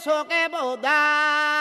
Só que vou dar.